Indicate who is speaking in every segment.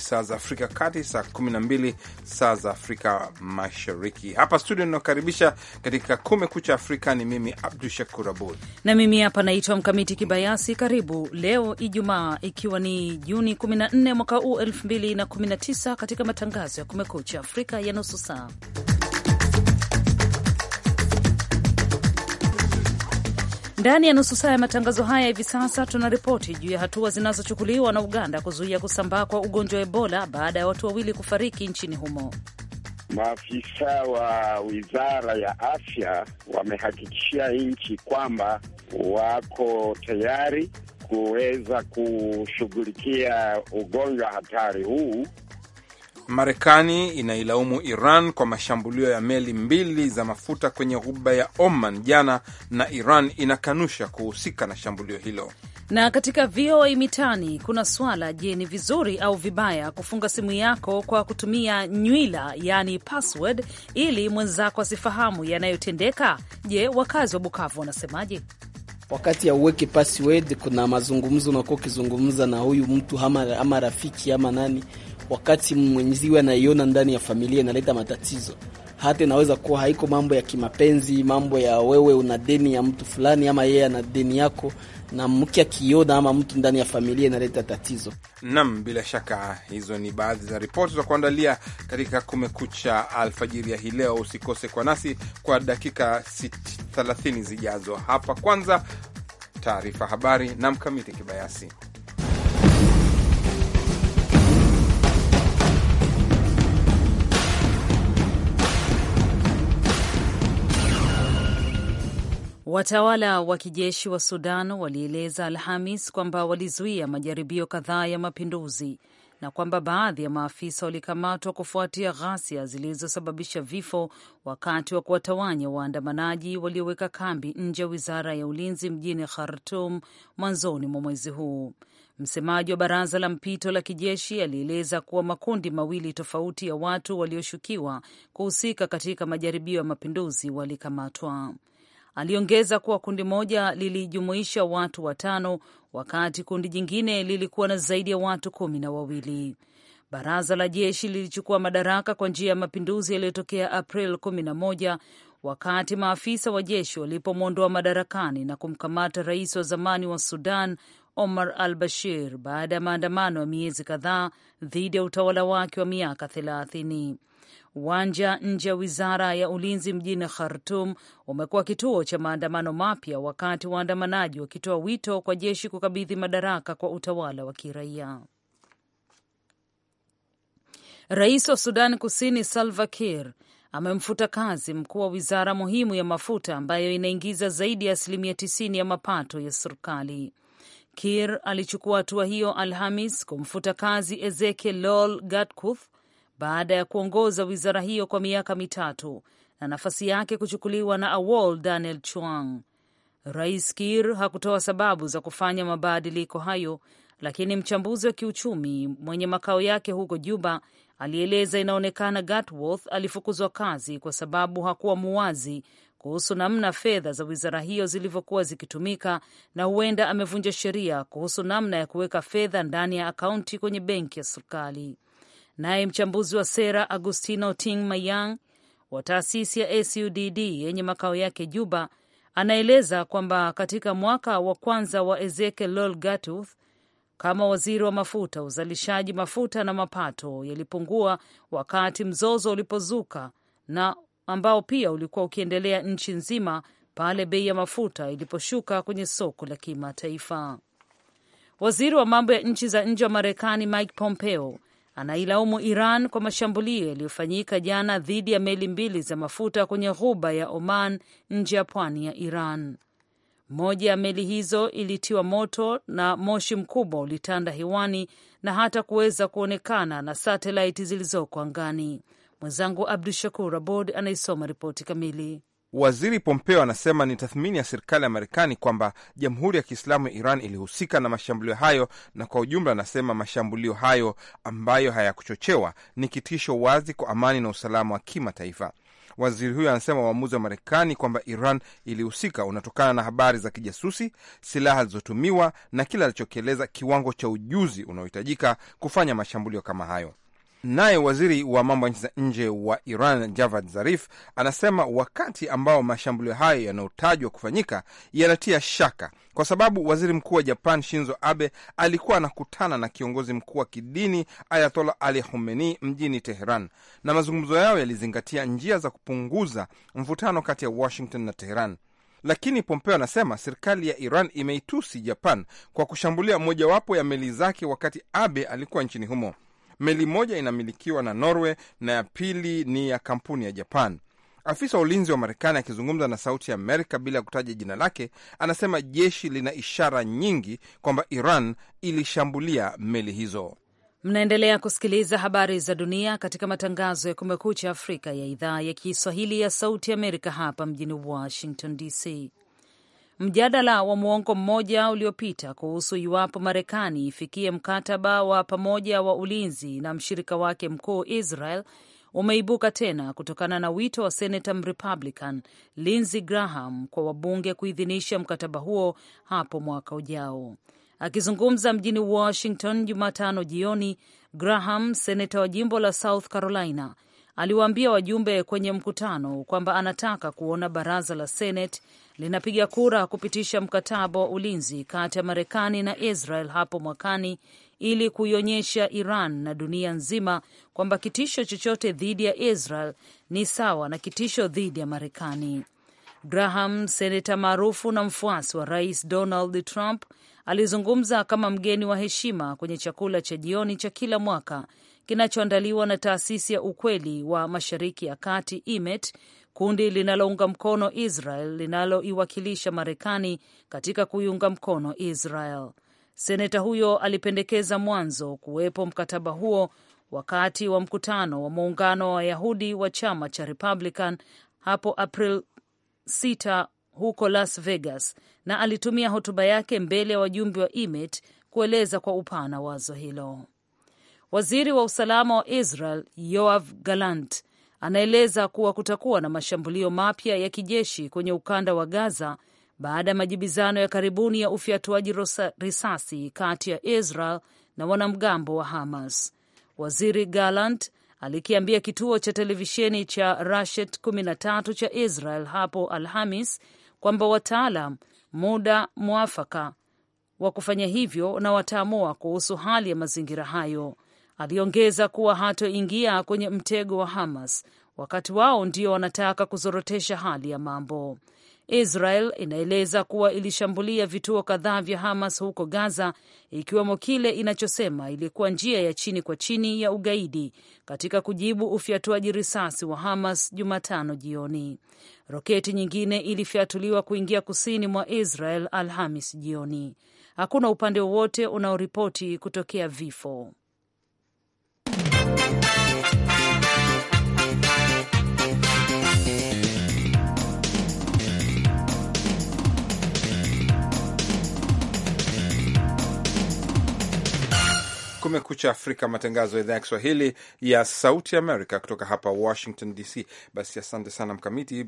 Speaker 1: saa za Afrika Kati, saa 12 saa za Afrika Mashariki. Hapa studio inaokaribisha katika kucha Afrika ni mimi Abdu Shakur Abud,
Speaker 2: na mimi hapa naitwa Mkamiti Kibayasi. Karibu leo Ijumaa, ikiwa ni Juni 14 mwaka huu 2019, katika matangazo ya Kumekucha Afrika ya nusu saa Ndani ya nusu saa ya matangazo haya hivi sasa tuna ripoti juu ya hatua zinazochukuliwa na Uganda kuzuia kusambaa kwa ugonjwa wa Ebola baada ya watu wawili kufariki nchini humo.
Speaker 3: Maafisa wa wizara ya afya wamehakikishia nchi kwamba wako tayari kuweza kushughulikia ugonjwa hatari huu
Speaker 1: Marekani inailaumu Iran kwa mashambulio ya meli mbili za mafuta kwenye ghuba ya Oman jana, na Iran inakanusha kuhusika na shambulio hilo.
Speaker 2: Na katika VOA Mitaani kuna swala, je, ni vizuri au vibaya kufunga simu yako kwa kutumia nywila, yani password, ili mwenzako asifahamu yanayotendeka? Je, wakazi wa Bukavu wanasemaje?
Speaker 4: Wakati ya uweke password, kuna mazungumzo unakuwa ukizungumza na huyu mtu ama, ama rafiki ama nani wakati mwenziwe anaiona ndani ya familia inaleta matatizo. Hata inaweza kuwa haiko mambo ya kimapenzi, mambo ya wewe una deni ya mtu fulani ama yeye ana deni yako, na mke akiona ama mtu ndani ya familia inaleta tatizo.
Speaker 1: Nam, bila shaka hizo ni baadhi za ripoti za kuandalia katika Kumekucha alfajiri ya hii leo. Usikose kwa nasi kwa dakika 30 zijazo. Hapa kwanza taarifa habari na Mkamiti Kibayasi.
Speaker 2: Watawala wa kijeshi wa Sudan walieleza Alhamis kwamba walizuia majaribio kadhaa ya mapinduzi na kwamba baadhi ya maafisa walikamatwa kufuatia ghasia zilizosababisha vifo wakati wa kuwatawanya waandamanaji walioweka kambi nje ya wizara ya ulinzi mjini Khartum mwanzoni mwa mwezi huu. Msemaji wa baraza la mpito la kijeshi alieleza kuwa makundi mawili tofauti ya watu walioshukiwa kuhusika katika majaribio ya mapinduzi walikamatwa. Aliongeza kuwa kundi moja lilijumuisha watu watano wakati kundi jingine lilikuwa na zaidi ya watu kumi na wawili. Baraza la jeshi lilichukua madaraka kwa njia ya mapinduzi yaliyotokea April 11 wakati maafisa wa jeshi walipomwondoa madarakani na kumkamata rais wa zamani wa Sudan Omar al Bashir baada ya maandamano ya miezi kadhaa dhidi ya utawala wake wa miaka thelathini. Uwanja nje ya wizara ya ulinzi mjini Khartum umekuwa kituo cha maandamano mapya, wakati waandamanaji wakitoa wito kwa jeshi kukabidhi madaraka kwa utawala wa kiraia. Rais wa Sudan Kusini Salva Kiir amemfuta kazi mkuu wa wizara muhimu ya mafuta ambayo inaingiza zaidi ya asilimia tisini ya mapato ya serikali. Kir alichukua hatua hiyo Alhamis kumfuta kazi Ezekiel Lol Gatkuth baada ya kuongoza wizara hiyo kwa miaka mitatu na nafasi yake kuchukuliwa na Awol Daniel Chuang. Rais kir hakutoa sababu za kufanya mabadiliko hayo, lakini mchambuzi wa kiuchumi mwenye makao yake huko Juba alieleza inaonekana Gatworth alifukuzwa kazi kwa sababu hakuwa muwazi kuhusu namna fedha za wizara hiyo zilivyokuwa zikitumika na huenda amevunja sheria kuhusu namna ya kuweka fedha ndani ya akaunti kwenye benki ya serikali. Naye mchambuzi wa sera Agustino ting Mayang wa taasisi ya SUDD yenye makao yake Juba anaeleza kwamba katika mwaka wa kwanza wa Ezekiel Lol Gatuth kama waziri wa mafuta, uzalishaji mafuta na mapato yalipungua wakati mzozo ulipozuka na ambao pia ulikuwa ukiendelea nchi nzima pale bei ya mafuta iliposhuka kwenye soko la kimataifa. Waziri wa mambo ya nchi za nje wa Marekani Mike Pompeo anailaumu Iran kwa mashambulio yaliyofanyika jana dhidi ya meli mbili za mafuta kwenye ghuba ya Oman nje ya pwani ya Iran. Moja ya meli hizo ilitiwa moto na moshi mkubwa ulitanda hewani na hata kuweza kuonekana na satelaiti zilizoko angani. Mwenzangu Abdu Shakur Abod anaisoma ripoti kamili.
Speaker 1: Waziri Pompeo anasema ni tathmini ya serikali ya Marekani kwamba jamhuri ya Kiislamu ya Iran ilihusika na mashambulio hayo, na kwa ujumla anasema mashambulio hayo ambayo hayakuchochewa ni kitisho wazi kwa amani na usalama wa kimataifa. Waziri huyo anasema uamuzi wa Marekani kwamba Iran ilihusika unatokana na habari za kijasusi, silaha zilizotumiwa na kile alichokieleza kiwango cha ujuzi unaohitajika kufanya mashambulio kama hayo. Naye waziri wa mambo ya nchi za nje wa Iran Javad Zarif anasema wakati ambao mashambulio hayo yanayotajwa kufanyika yanatia shaka, kwa sababu waziri mkuu wa Japan Shinzo Abe alikuwa anakutana na kiongozi mkuu wa kidini Ayatola Ali Khamenei mjini Teheran, na mazungumzo yao yalizingatia njia za kupunguza mvutano kati ya Washington na Teheran. Lakini Pompeo anasema serikali ya Iran imeitusi Japan kwa kushambulia mojawapo ya meli zake wakati Abe alikuwa nchini humo. Meli moja inamilikiwa na Norway na ya pili ni ya kampuni ya Japan. Afisa wa ulinzi wa Marekani akizungumza na Sauti ya Amerika bila ya kutaja jina lake, anasema jeshi lina ishara nyingi kwamba Iran ilishambulia meli hizo.
Speaker 2: Mnaendelea kusikiliza habari za dunia katika matangazo ya Kumekucha Afrika ya idhaa ya Kiswahili ya Sauti ya Amerika hapa mjini Washington DC. Mjadala wa muongo mmoja uliopita kuhusu iwapo Marekani ifikie mkataba wa pamoja wa ulinzi na mshirika wake mkuu Israel umeibuka tena kutokana na wito wa senata Mrepublican Lindsey Graham kwa wabunge kuidhinisha mkataba huo hapo mwaka ujao. Akizungumza mjini Washington Jumatano jioni, Graham, seneta wa jimbo la South Carolina, aliwaambia wajumbe kwenye mkutano kwamba anataka kuona baraza la Senate linapiga kura kupitisha mkataba wa ulinzi kati ya Marekani na Israel hapo mwakani ili kuionyesha Iran na dunia nzima kwamba kitisho chochote dhidi ya Israel ni sawa na kitisho dhidi ya Marekani. Graham, seneta maarufu na mfuasi wa Rais Donald Trump, alizungumza kama mgeni wa heshima kwenye chakula cha jioni cha kila mwaka kinachoandaliwa na taasisi ya ukweli wa Mashariki ya Kati IMET kundi linalounga mkono Israel linaloiwakilisha Marekani katika kuiunga mkono Israel. Seneta huyo alipendekeza mwanzo kuwepo mkataba huo wakati wa mkutano wa muungano wa Wayahudi wa chama cha Republican hapo April 6 huko Las Vegas, na alitumia hotuba yake mbele ya wajumbe wa IMET kueleza kwa upana wazo hilo. Waziri wa usalama wa Israel Yoav galant anaeleza kuwa kutakuwa na mashambulio mapya ya kijeshi kwenye ukanda wa Gaza baada ya majibizano ya karibuni ya ufyatuaji risasi kati ya Israel na wanamgambo wa Hamas. Waziri Gallant alikiambia kituo cha televisheni cha Rashet 13 cha Israel hapo Alhamis kwamba wataalam muda mwafaka wa kufanya hivyo na wataamua kuhusu hali ya mazingira hayo. Aliongeza kuwa hatoingia kwenye mtego wa Hamas wakati wao ndio wanataka kuzorotesha hali ya mambo. Israel inaeleza kuwa ilishambulia vituo kadhaa vya Hamas huko Gaza, ikiwemo kile inachosema ilikuwa njia ya chini kwa chini ya ugaidi katika kujibu ufyatuaji risasi wa Hamas Jumatano jioni. Roketi nyingine ilifyatuliwa kuingia kusini mwa Israel Alhamis jioni. Hakuna upande wowote unaoripoti kutokea vifo.
Speaker 1: Kumekucha Afrika, matangazo ya idhaa ya Kiswahili ya Sauti Amerika kutoka hapa Washington DC. Basi asante sana Mkamiti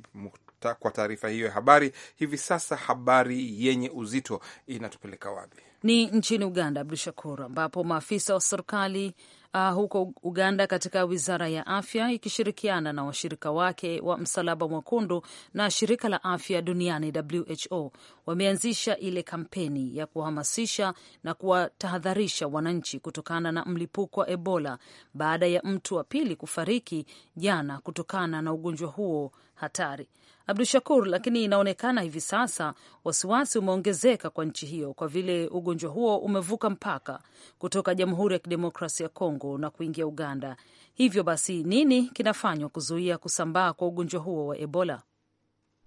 Speaker 1: kwa taarifa hiyo ya habari. Hivi sasa habari yenye uzito inatupeleka
Speaker 2: wapi? Ni nchini Uganda, Abdu Shakur, ambapo maafisa wa serikali uh, huko Uganda katika wizara ya afya ikishirikiana na washirika wake wa Msalaba Mwekundu na shirika la afya duniani WHO wameanzisha ile kampeni ya kuhamasisha na kuwatahadharisha wananchi kutokana na mlipuko wa Ebola baada ya mtu wa pili kufariki jana kutokana na ugonjwa huo hatari. Abdu Shakur, lakini inaonekana hivi sasa wasiwasi umeongezeka kwa nchi hiyo kwa vile ugonjwa huo umevuka mpaka kutoka Jamhuri ya Kidemokrasia ya Kongo na kuingia Uganda. Hivyo basi, nini kinafanywa kuzuia kusambaa kwa ugonjwa huo wa Ebola?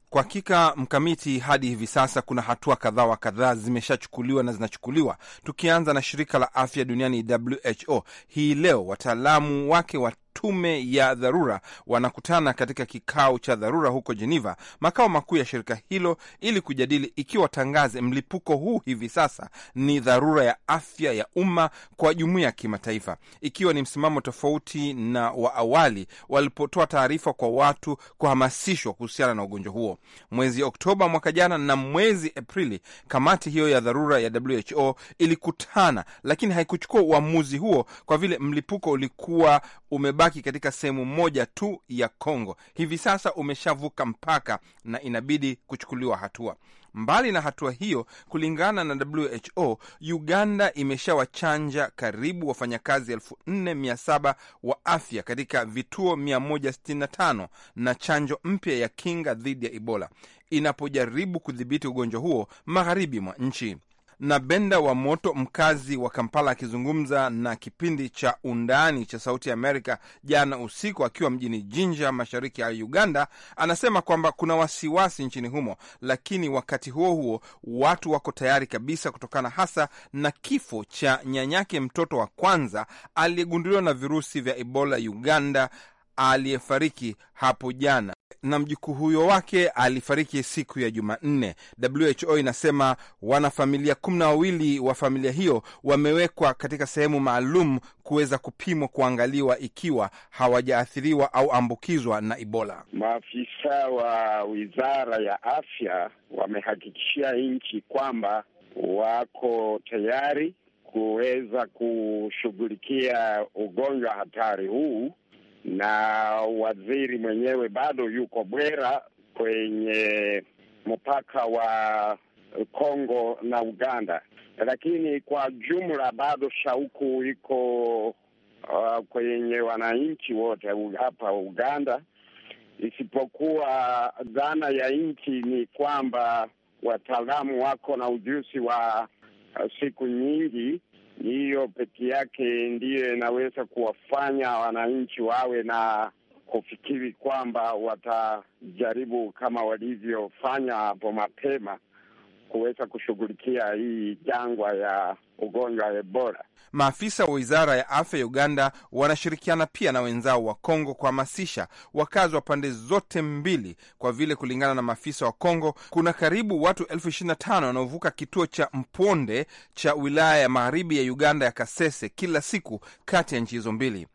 Speaker 1: Kwa hakika mkamiti, hadi hivi sasa kuna hatua kadhaa wa kadhaa zimeshachukuliwa na zinachukuliwa, tukianza na shirika la afya duniani WHO. Hii leo wataalamu wake wa tume ya dharura wanakutana katika kikao cha dharura huko Geneva, makao makuu ya shirika hilo, ili kujadili ikiwa tangaze mlipuko huu hivi sasa ni dharura ya afya ya umma kwa jumuiya ya kimataifa, ikiwa ni msimamo tofauti na wa awali walipotoa taarifa kwa watu kuhamasishwa kuhusiana na ugonjwa huo mwezi Oktoba mwaka jana na mwezi Aprili. Kamati hiyo ya dharura ya WHO ilikutana, lakini haikuchukua uamuzi huo kwa vile mlipuko ulikuwa umebaki katika sehemu moja tu ya Kongo. Hivi sasa umeshavuka mpaka na inabidi kuchukuliwa hatua. Mbali na hatua hiyo, kulingana na WHO, Uganda imeshawachanja karibu wafanyakazi 4700 wa afya katika vituo 165 na chanjo mpya ya kinga dhidi ya Ebola inapojaribu kudhibiti ugonjwa huo magharibi mwa nchi na Benda wa Moto, mkazi wa Kampala, akizungumza na kipindi cha Undani cha Sauti ya Amerika jana usiku akiwa mjini Jinja, mashariki ya Uganda, anasema kwamba kuna wasiwasi nchini humo, lakini wakati huo huo watu wako tayari kabisa, kutokana hasa na kifo cha nyanyake, mtoto wa kwanza aliyegunduliwa na virusi vya Ebola Uganda, aliyefariki hapo jana na mjukuu huyo wake alifariki siku ya Jumanne. WHO inasema wanafamilia kumi na wawili wa familia hiyo wamewekwa katika sehemu maalum kuweza kupimwa, kuangaliwa ikiwa hawajaathiriwa au ambukizwa na Ebola.
Speaker 3: Maafisa wa wizara ya afya wamehakikishia nchi kwamba wako tayari kuweza kushughulikia ugonjwa hatari huu na waziri mwenyewe bado yuko Bwera kwenye mpaka wa Kongo na Uganda, lakini kwa jumla bado shauku iko uh, kwenye wananchi wote hapa Uganda, isipokuwa dhana ya nchi ni kwamba wataalamu wako na ujuzi wa uh, siku nyingi hiyo peke yake ndiyo inaweza kuwafanya wananchi wawe na kufikiri kwamba watajaribu kama walivyofanya hapo mapema kuweza kushughulikia hii jangwa ya ugonjwa wa Ebola.
Speaker 1: Maafisa wa wizara ya afya ya Uganda wanashirikiana pia na wenzao wa Kongo kuhamasisha wakazi wa pande zote mbili, kwa vile kulingana na maafisa wa Kongo kuna karibu watu elfu ishirini na tano wanaovuka kituo cha Mponde cha wilaya ya magharibi ya Uganda ya Kasese kila siku kati ya nchi hizo mbili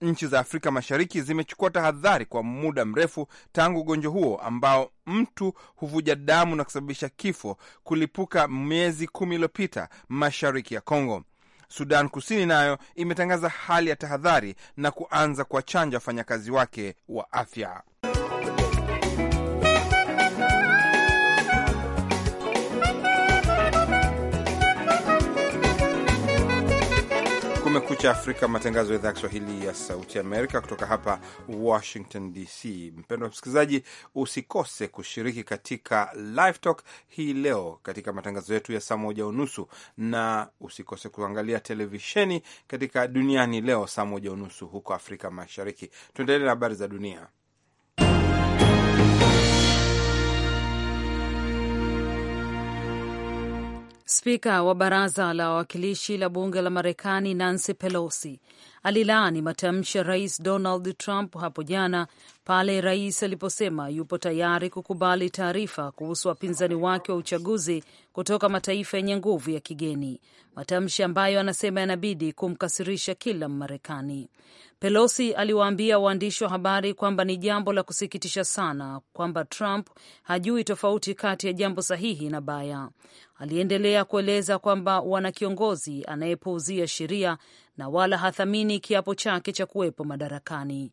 Speaker 1: nchi za Afrika Mashariki zimechukua tahadhari kwa muda mrefu tangu ugonjwa huo ambao mtu huvuja damu na kusababisha kifo kulipuka miezi kumi iliyopita mashariki ya Kongo. Sudan Kusini nayo imetangaza hali ya tahadhari na kuanza kuwachanja wafanyakazi wake wa afya. Kumekucha Afrika, matangazo ya idhaa ya Kiswahili ya Sauti Amerika kutoka hapa Washington DC. Mpendwa msikilizaji, usikose kushiriki katika Live Talk hii leo katika matangazo yetu ya saa moja unusu, na usikose kuangalia televisheni katika Duniani Leo saa moja unusu huko Afrika Mashariki. Tuendelee na habari za dunia.
Speaker 2: Spika wa baraza la wawakilishi la bunge la Marekani Nancy Pelosi alilaani matamshi ya Rais Donald Trump hapo jana pale rais aliposema yupo tayari kukubali taarifa kuhusu wapinzani wake wa uchaguzi kutoka mataifa yenye nguvu ya kigeni, matamshi ambayo anasema yanabidi kumkasirisha kila Mmarekani. Pelosi aliwaambia waandishi wa habari kwamba ni jambo la kusikitisha sana kwamba Trump hajui tofauti kati ya jambo sahihi na baya. Aliendelea kueleza kwamba wana kiongozi anayepuuzia sheria na wala hathamini kiapo chake cha kuwepo madarakani.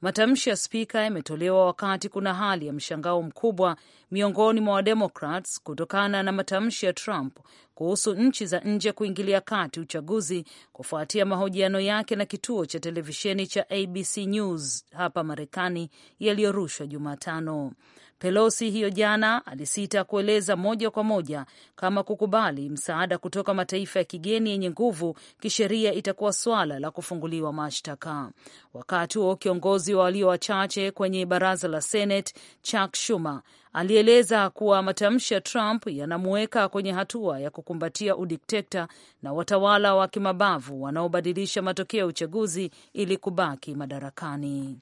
Speaker 2: Matamshi ya spika yametolewa wakati kuna hali ya mshangao mkubwa miongoni mwa Wademokrats kutokana na matamshi ya Trump kuhusu nchi za nje kuingilia kati uchaguzi kufuatia mahojiano yake na kituo cha televisheni cha ABC News hapa Marekani yaliyorushwa Jumatano. Pelosi hiyo jana alisita kueleza moja kwa moja kama kukubali msaada kutoka mataifa ya kigeni yenye nguvu kisheria itakuwa swala la kufunguliwa mashtaka. Wakati huo kiongozi wa walio wachache kwenye baraza la Senate Chuck Schumer alieleza kuwa matamshi ya Trump yanamuweka kwenye hatua ya kukumbatia udikteta na watawala wa kimabavu wanaobadilisha matokeo ya uchaguzi ili kubaki madarakani.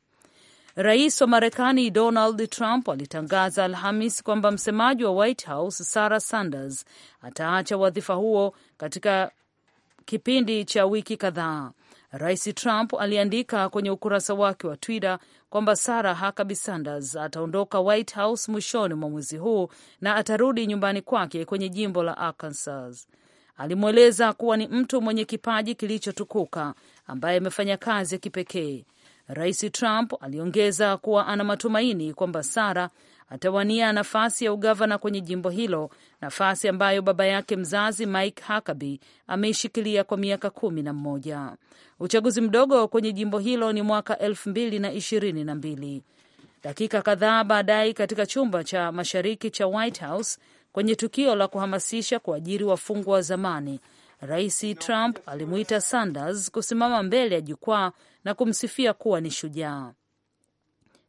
Speaker 2: Rais wa Marekani Donald Trump alitangaza Alhamis kwamba msemaji wa White House Sarah Sanders ataacha wadhifa huo katika kipindi cha wiki kadhaa. Rais Trump aliandika kwenye ukurasa wake wa Twitter kwamba Sarah Huckabee Sanders ataondoka White House mwishoni mwa mwezi huu na atarudi nyumbani kwake kwenye jimbo la Arkansas. Alimweleza kuwa ni mtu mwenye kipaji kilichotukuka ambaye amefanya kazi ya kipekee Rais Trump aliongeza kuwa ana matumaini kwamba Sara atawania nafasi ya ugavana kwenye jimbo hilo, nafasi ambayo baba yake mzazi Mike Huckabee ameishikilia kwa miaka kumi na mmoja. Uchaguzi mdogo kwenye jimbo hilo ni mwaka elfu mbili na ishirini na mbili. Dakika kadhaa baadaye, katika chumba cha mashariki cha White House kwenye tukio la kuhamasisha kuajiri wafungwa wa zamani, Rais Trump alimuita Sanders kusimama mbele ya jukwaa na kumsifia kuwa ni shujaa.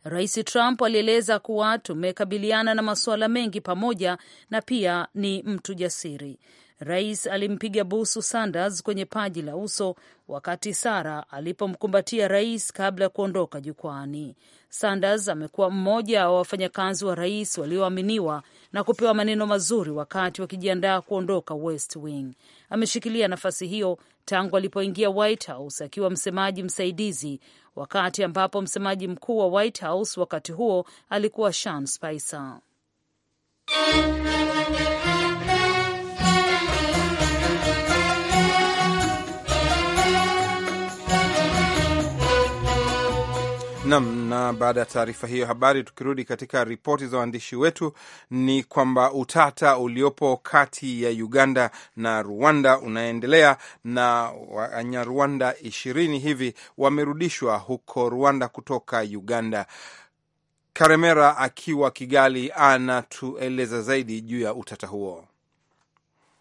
Speaker 2: Rais Trump alieleza kuwa tumekabiliana na masuala mengi pamoja na pia ni mtu jasiri. Rais alimpiga busu Sanders kwenye paji la uso wakati Sara alipomkumbatia rais kabla ya kuondoka jukwani. Sanders amekuwa mmoja wa wafanyakazi wa rais walioaminiwa na kupewa maneno mazuri wakati wakijiandaa kuondoka West Wing. Ameshikilia nafasi hiyo tangu alipoingia White House akiwa msemaji msaidizi, wakati ambapo msemaji mkuu wa White House wakati huo alikuwa Sean Spicer.
Speaker 1: Nam na, na baada ya taarifa hiyo habari, tukirudi katika ripoti za waandishi wetu, ni kwamba utata uliopo kati ya Uganda na Rwanda unaendelea na Wanyarwanda ishirini hivi wamerudishwa huko Rwanda kutoka Uganda. Karemera akiwa Kigali
Speaker 5: anatueleza zaidi juu ya utata huo.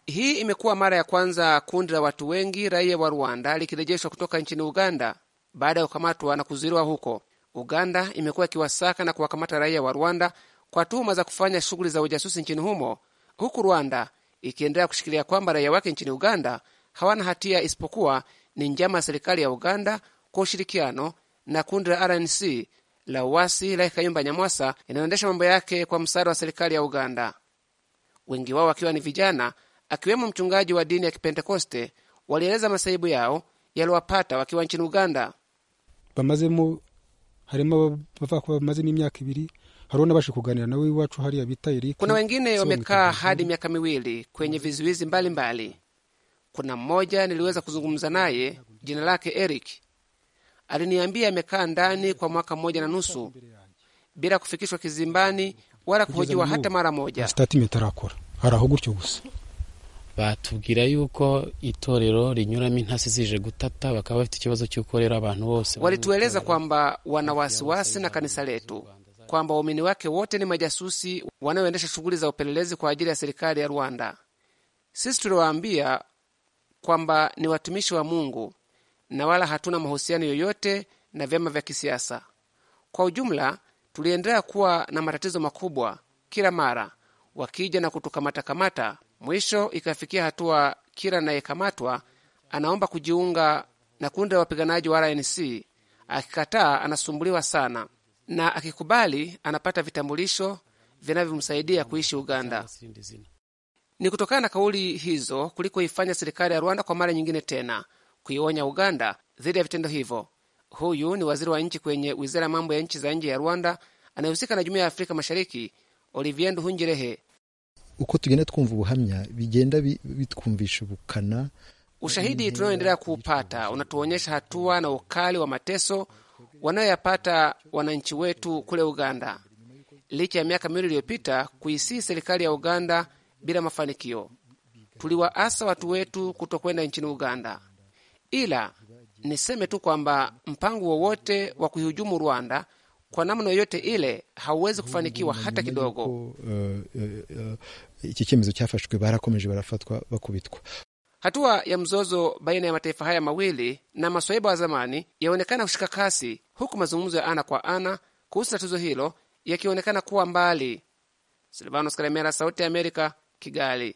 Speaker 5: Hii imekuwa mara ya kwanza kundi la watu wengi raia wa Rwanda likirejeshwa kutoka nchini Uganda baada ya kukamatwa na kuzuiliwa huko. Uganda imekuwa ikiwasaka na kuwakamata raia wa Rwanda kwa tuhuma za kufanya shughuli za ujasusi nchini humo, huku Rwanda ikiendelea kushikilia kwamba raia wake nchini Uganda hawana hatia isipokuwa ni njama ya serikali ya Uganda kwa ushirikiano na kundi la RNC la uasi la Kayumba Nyamwasa inayoendesha mambo yake kwa msaada wa serikali ya Uganda, wengi wao wakiwa ni vijana, akiwemo mchungaji wa dini ya Kipentekoste. Walieleza masaibu yao yaliwapata wakiwa nchini Uganda.
Speaker 6: Bamazemo harimo bava bamaze n'imyaka ibiri harona n'abashe kuganira nawe iwacu hariya bita Eric Kuna wengine wamekaa
Speaker 5: hadi miaka miwili kwenye vizuizi mbalimbali mbali. Kuna mmoja niliweza kuzungumza naye, jina lake Eric, aliniambia amekaa ndani kwa mwaka mmoja na nusu bila kufikishwa kizimbani wala kuhojiwa hata mara moja
Speaker 6: batubwira
Speaker 4: yuko itorero rinyuramo intasi zije gutata, bakaba bafite ikibazo cy'uko rero abantu bose
Speaker 5: walitueleza kwamba wana wasiwasi na kanisa letu kwamba waumini wake wote ni majasusi wanaoendesha shughuli za upelelezi kwa ajili ya serikali ya Rwanda. Sisi tuliwaambia kwamba ni watumishi wa Mungu na wala hatuna mahusiano yoyote na vyama vya kisiasa. Kwa ujumla, tuliendelea kuwa na matatizo makubwa kila mara wakija na kutukamatakamata Mwisho ikafikia hatua kila anayekamatwa anaomba kujiunga na kundi la wapiganaji wa RNC. Akikataa anasumbuliwa sana, na akikubali anapata vitambulisho vinavyomsaidia kuishi Uganda. Ni kutokana na kauli hizo kulikoifanya serikali ya Rwanda kwa mara nyingine tena kuionya Uganda dhidi ya vitendo hivyo. Huyu ni waziri wa nchi kwenye wizara ya mambo ya nchi za nje ya Rwanda anayehusika na jumuiya ya Afrika Mashariki, Olivier Nduhungirehe
Speaker 6: uko tugenda twumva ubuhamya bigenda bitwumvisha
Speaker 3: ubukana.
Speaker 5: Ushahidi tunaoendelea kuupata unatuonyesha hatua na ukali wa mateso wanayoyapata wananchi wetu kule Uganda, licha ya miaka miwili iliyopita kuisii serikali ya Uganda bila mafanikio. Tuliwaasa watu wetu kutokwenda nchini Uganda, ila niseme tu kwamba mpango wowote wa kuihujumu Rwanda kwa namna yoyote ile hauwezi kufanikiwa hata kidogo.
Speaker 6: Uh, uh, uh,
Speaker 5: Hatua ya mzozo baina ya mataifa haya mawili na maswaiba wa zamani yaonekana kushika kasi, huku mazungumzo ya ana kwa ana kuhusu tatizo hilo yakionekana kuwa mbali. Silvanos Karemera, Sauti ya Amerika, Kigali.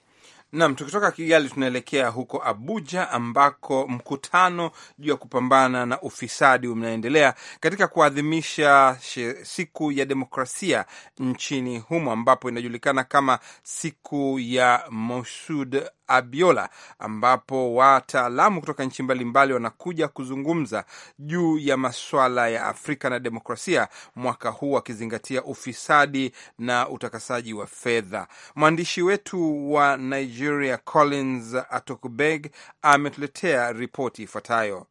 Speaker 1: Nam, tukitoka Kigali tunaelekea huko Abuja ambako mkutano juu ya kupambana na ufisadi unaendelea katika kuadhimisha siku ya demokrasia nchini humo ambapo inajulikana kama siku ya Masud Abiola, ambapo wataalamu kutoka nchi mbalimbali wanakuja kuzungumza juu ya maswala ya Afrika na demokrasia mwaka huu, wakizingatia ufisadi na utakasaji wa fedha. Mwandishi wetu wa Nigeria Collins Atokbeg ametuletea ripoti ifuatayo.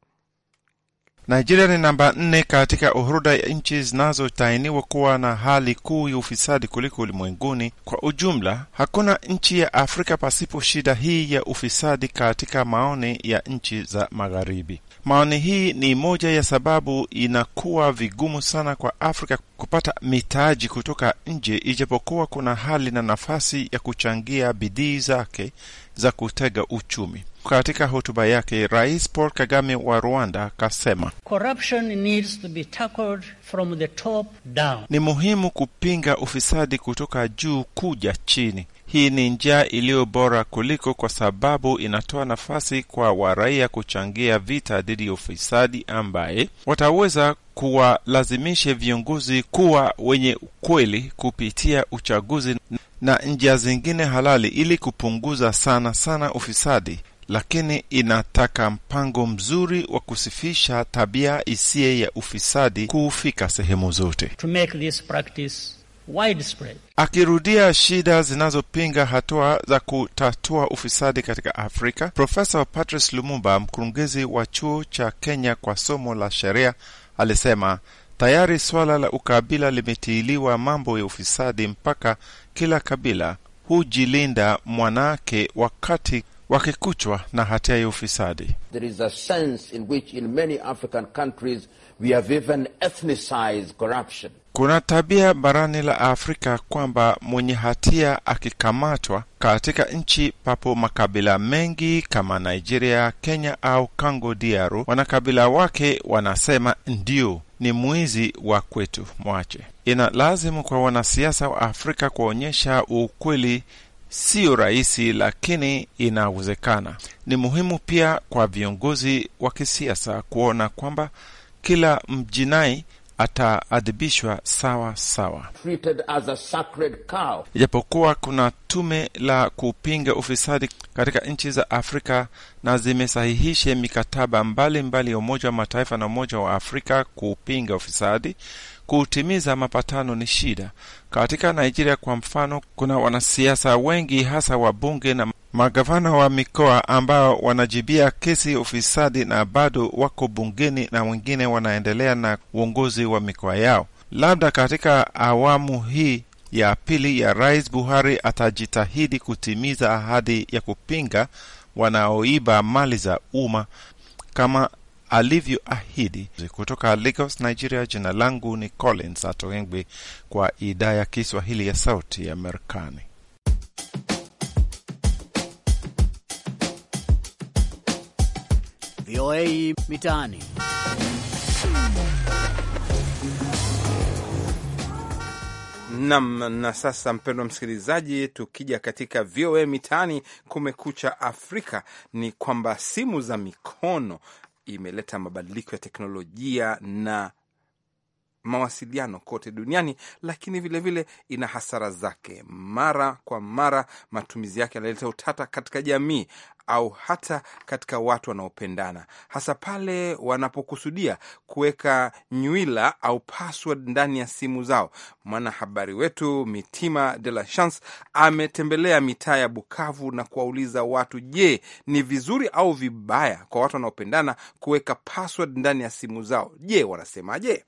Speaker 7: Nigeria ni namba nne katika uhuruda ya nchi zinazotainiwa kuwa na hali kuu ya ufisadi kuliko ulimwenguni kwa ujumla. Hakuna nchi ya Afrika pasipo shida hii ya ufisadi katika maoni ya nchi za Magharibi. Maoni hii ni moja ya sababu inakuwa vigumu sana kwa Afrika kupata mitaji kutoka nje, ijapokuwa kuna hali na nafasi ya kuchangia bidii zake za kutega uchumi. Katika hotuba yake, Rais Paul Kagame wa Rwanda kasema ni muhimu kupinga ufisadi kutoka juu kuja chini. Hii ni njia iliyo bora kuliko, kwa sababu inatoa nafasi kwa waraia kuchangia vita dhidi ya ufisadi ambaye wataweza kuwalazimisha viongozi kuwa wenye ukweli kupitia uchaguzi na njia zingine halali ili kupunguza sana sana ufisadi, lakini inataka mpango mzuri wa kusifisha tabia isiye ya ufisadi kuufika sehemu zote to
Speaker 4: make this practice widespread.
Speaker 7: Akirudia shida zinazopinga hatua za kutatua ufisadi katika Afrika, Profesa Patrice Lumumba, mkurugenzi wa chuo cha Kenya kwa somo la sheria, alisema tayari swala la ukabila limetiiliwa mambo ya ufisadi, mpaka kila kabila hujilinda mwanake wakati wakikuchwa na hatia ya ufisadi.
Speaker 3: There is a sense in which in many African countries we have even ethnicized corruption.
Speaker 7: Kuna tabia barani la Afrika kwamba mwenye hatia akikamatwa katika nchi papo makabila mengi kama Nigeria, Kenya au Congo DRU, wanakabila wake wanasema ndio ni mwizi wa kwetu, mwache. Ina lazimu kwa wanasiasa wa Afrika kuonyesha ukweli Siyo rahisi, lakini inawezekana. Ni muhimu pia kwa viongozi wa kisiasa kuona kwamba kila mjinai ataadhibishwa sawa sawa. Ijapokuwa kuna tume la kupinga ufisadi katika nchi za Afrika na zimesahihisha mikataba mbalimbali ya Umoja wa Mataifa na Umoja wa Afrika kupinga ufisadi, kutimiza mapatano ni shida. Katika Nigeria kwa mfano, kuna wanasiasa wengi hasa wabunge na Magavana wa mikoa ambao wanajibia kesi ya ufisadi na bado wako bungeni na wengine wanaendelea na uongozi wa mikoa yao. Labda katika awamu hii ya pili ya Rais Buhari atajitahidi kutimiza ahadi ya kupinga wanaoiba mali za umma kama alivyoahidi. Kutoka Lagos, Nigeria, jina langu ni Collins Atoengwe kwa idhaa ya Kiswahili ya Sauti ya Marekani. VOA Mitaani.
Speaker 1: Nam na sasa, mpendwa msikilizaji, tukija katika VOA Mitaani, kumekucha Afrika, ni kwamba simu za mikono imeleta mabadiliko ya teknolojia na mawasiliano kote duniani, lakini vilevile vile ina hasara zake. Mara kwa mara matumizi yake yanaleta utata katika jamii au hata katika watu wanaopendana, hasa pale wanapokusudia kuweka nywila au password ndani ya simu zao. Mwanahabari wetu Mitima de la Chance ametembelea mitaa ya Bukavu na kuwauliza watu, je, ni vizuri au vibaya kwa watu wanaopendana kuweka password ndani ya simu zao? Je,
Speaker 4: wanasemaje?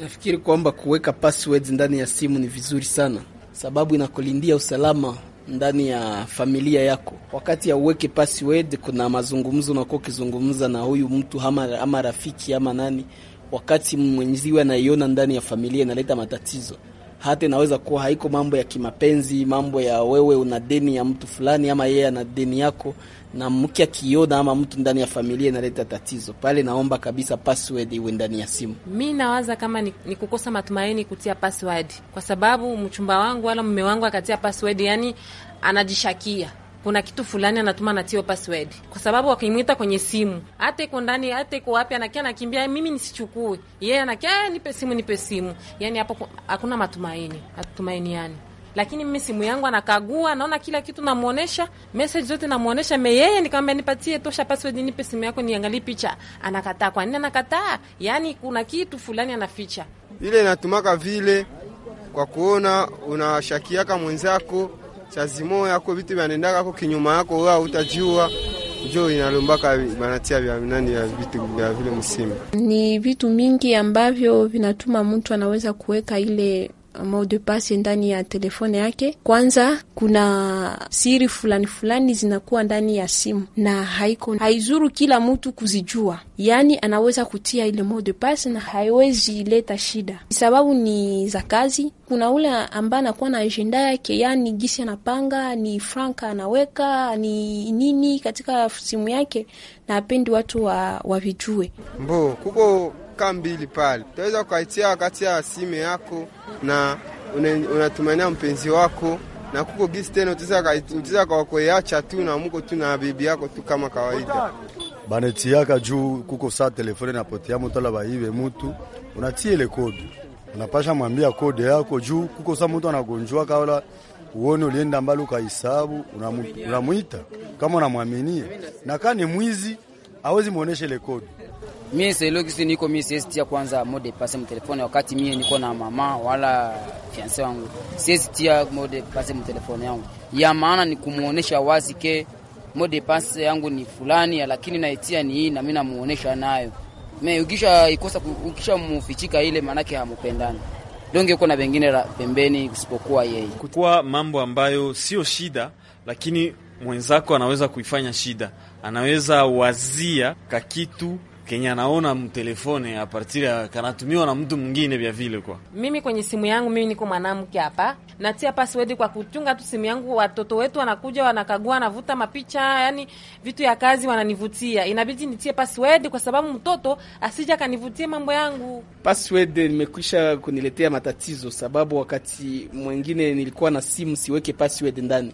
Speaker 4: Nafikiri kwamba kuweka passwords ndani ya simu ni vizuri sana, sababu inakulindia usalama ndani ya familia yako. Wakati ya uweke password, kuna mazungumzo unakuwa ukizungumza na huyu mtu ama, ama rafiki ama nani, wakati mwenziwe anaiona ndani ya familia inaleta matatizo. Hata inaweza kuwa haiko mambo ya kimapenzi, mambo ya wewe una deni ya mtu fulani ama yeye ana deni yako, na mke akiona ama mtu ndani ya familia inaleta tatizo pale, naomba kabisa password iwe ndani ya simu.
Speaker 8: Mi nawaza kama ni, ni kukosa matumaini kutia password, kwa sababu mchumba wangu wala mume wangu akatia password, yani anajishakia kuna kitu fulani anatuma natio password, kwa sababu wakimwita kwenye simu, hata iko ndani, hata iko wapi, anakia anakimbia, mimi nisichukue. Yeye yeah, anakia nipe simu, nipe simu. Yani hapo hakuna matumaini, hatumaini yani lakini mimi simu yangu anakagua, naona kila kitu, namuonesha message zote namuonesha. Me yeye nikamwambia, nipatie tosha password, nipe simu yako niangalie picha. Anakataa. Kwa nini anakataa? Yani kuna kitu fulani anaficha.
Speaker 6: Ile inatumaka vile kwa kuona unashakiaka mwenzako chazimo yako vitu vyanendaka ko kinyuma yako, wa utajua njo inalombaka banatia vya nani ya vitu vya vile msimu.
Speaker 8: Ni vitu mingi ambavyo vinatuma mtu anaweza kuweka ile mot de passe ndani ya telefone yake. Kwanza kuna siri fulani fulani zinakuwa ndani ya simu na haiko haizuru kila mtu kuzijua, yaani anaweza kutia ile mot de passe na haiwezi leta shida, sababu ni za kazi. Kuna ule ambaye anakuwa na ajenda yake, yaani gisi anapanga ni franka anaweka ni nini katika simu yake na apendi watu wavijue mbo kuko
Speaker 6: ka mbili pale, utaweza kukaitia wakati ya sime yako na unatumania una mpenzi wako na kuko gisi tena utaweza kawakoeacha tu na muko tu na bibi yako tu kama kawaida banetiaka juu kuko saa telefone napotea mutu ala baibe mutu, unatiele kodi unapasha mwambia kodi yako juu kuko saa mutu anagonjwaka kaola uone ulienda mbali ukahesabu, unamwita kama unamwaminia, na kama ni mwizi awezi muoneshe ile kodi.
Speaker 4: Mie selogisi niko mi siwezi tia kwanza mode pase mtelefone, wakati mie niko na mama wala fiance wangu, siwezi tia mode pase mtelefone yangu. Ya maana ni kumuonesha wazi ke mode pase yangu ni fulani, lakini naitia ni hii na mimi namuonesha nayo. Me ukisha ikosa, ukisha mufichika ile, maanake hamupendani donge huko na vengine pembeni isipokuwa yeye, kwa mambo ambayo sio shida, lakini mwenzako anaweza kuifanya shida, anaweza wazia kakitu kenye anaona mtelefone a partir ya kanatumiwa na mtu mwingine vya vile. Kwa
Speaker 8: mimi kwenye simu yangu, mimi niko mwanamke hapa, natia password kwa kuchunga tu simu yangu. Watoto wetu wanakuja wanakagua, wanavuta mapicha, yani vitu ya kazi wananivutia, inabidi nitie password kwa sababu mtoto asija kanivutie mambo yangu.
Speaker 4: Password nimekwisha kuniletea matatizo, sababu wakati mwingine nilikuwa na simu siweke password ndani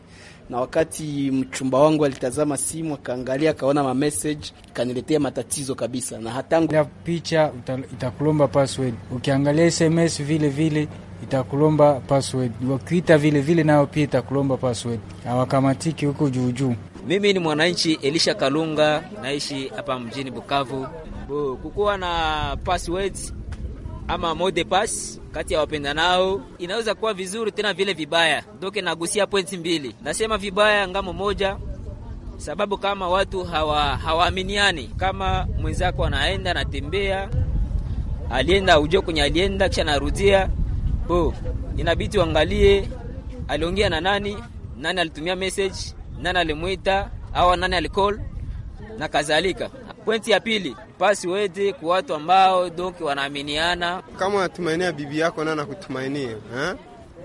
Speaker 4: na wakati mchumba wangu alitazama simu akaangalia, akaona ma message kaniletea matatizo kabisa, na hatangu
Speaker 6: ya picha itakulomba password, ukiangalia sms vile vile itakulomba password, wakiita vile vile nayo pia itakulomba password, hawakamatiki huko juu juu.
Speaker 4: Mimi ni mwananchi Elisha Kalunga, naishi hapa mjini Bukavu. Kukuwa na passwords ama de pass kati ya wapenda nao inaweza kuwa vizuri tena vile vibaya. Doke nagusia pointi mbili, nasema vibaya ngamo moja, sababu kama watu hawa hawaaminiani, kama mwenzako anaenda anatembea, alienda ujue kwenye alienda kisha narudia bo, inabidi uangalie aliongea na nani, nani alitumia message, nani alimwita au nani alicall na kadhalika. Pointi ya pili, pasi wete kwa watu ambao donki wanaaminiana.
Speaker 6: Kama unatumainia bibi yako na nakutumainia eh,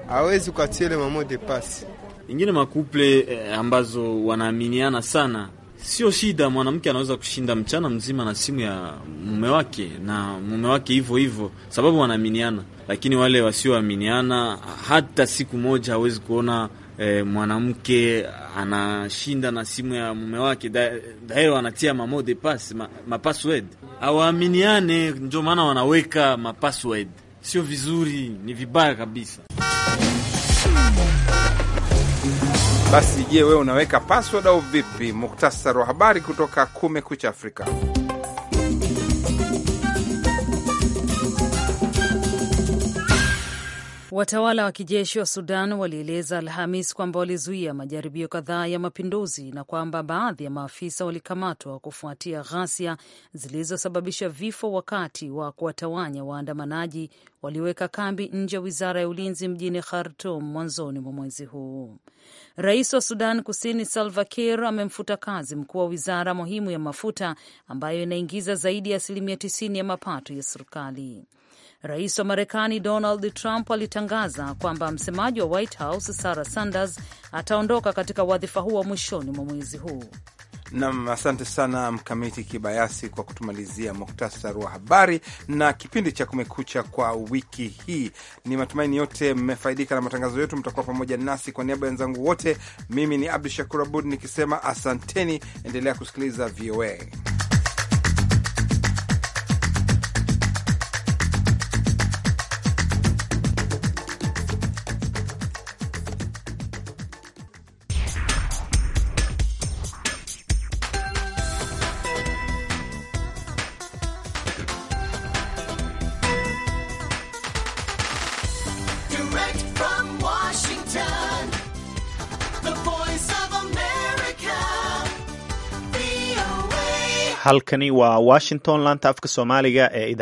Speaker 6: hawezi ukatiele de pasi
Speaker 4: ingine. Makuple eh, ambazo wanaaminiana sana Sio shida, mwanamke anaweza kushinda mchana mzima na simu ya mume wake na mume wake hivyo hivyo, sababu wanaaminiana. Lakini wale wasioaminiana, hata siku moja hawezi kuona eh, mwanamke anashinda na simu ya mume wake daero, wanatia mamo de pass ma, ma awaaminiane, ndio maana wanaweka ma Sio vizuri, ni vibaya kabisa. Basi je, wewe unaweka password au vipi?
Speaker 1: Muktasari wa habari kutoka Kumekucha Afrika.
Speaker 2: Watawala wa kijeshi wa Sudan walieleza Alhamis kwamba walizuia majaribio kadhaa ya mapinduzi na kwamba baadhi ya maafisa walikamatwa kufuatia ghasia zilizosababisha vifo wakati wa kuwatawanya waandamanaji walioweka kambi nje ya wizara ya ulinzi mjini Khartum mwanzoni mwa mwezi huu. Rais wa Sudan Kusini Salva Kiir amemfuta kazi mkuu wa wizara muhimu ya mafuta ambayo inaingiza zaidi ya asilimia 90 ya mapato ya serikali. Rais wa Marekani Donald Trump alitangaza kwamba msemaji wa White House Sarah Sanders ataondoka katika wadhifa huo mwishoni mwa mwezi huu.
Speaker 1: Nam, asante sana Mkamiti Kibayasi kwa kutumalizia muktasari wa habari na kipindi cha Kumekucha kwa wiki hii. Ni matumaini yote mmefaidika na matangazo yetu, mtakuwa pamoja nasi. Kwa niaba ya wenzangu wote, mimi ni Abdu Shakur Abud nikisema asanteni, endelea kusikiliza VOA.
Speaker 7: halkani waa washington laanta afka soomaaliga ee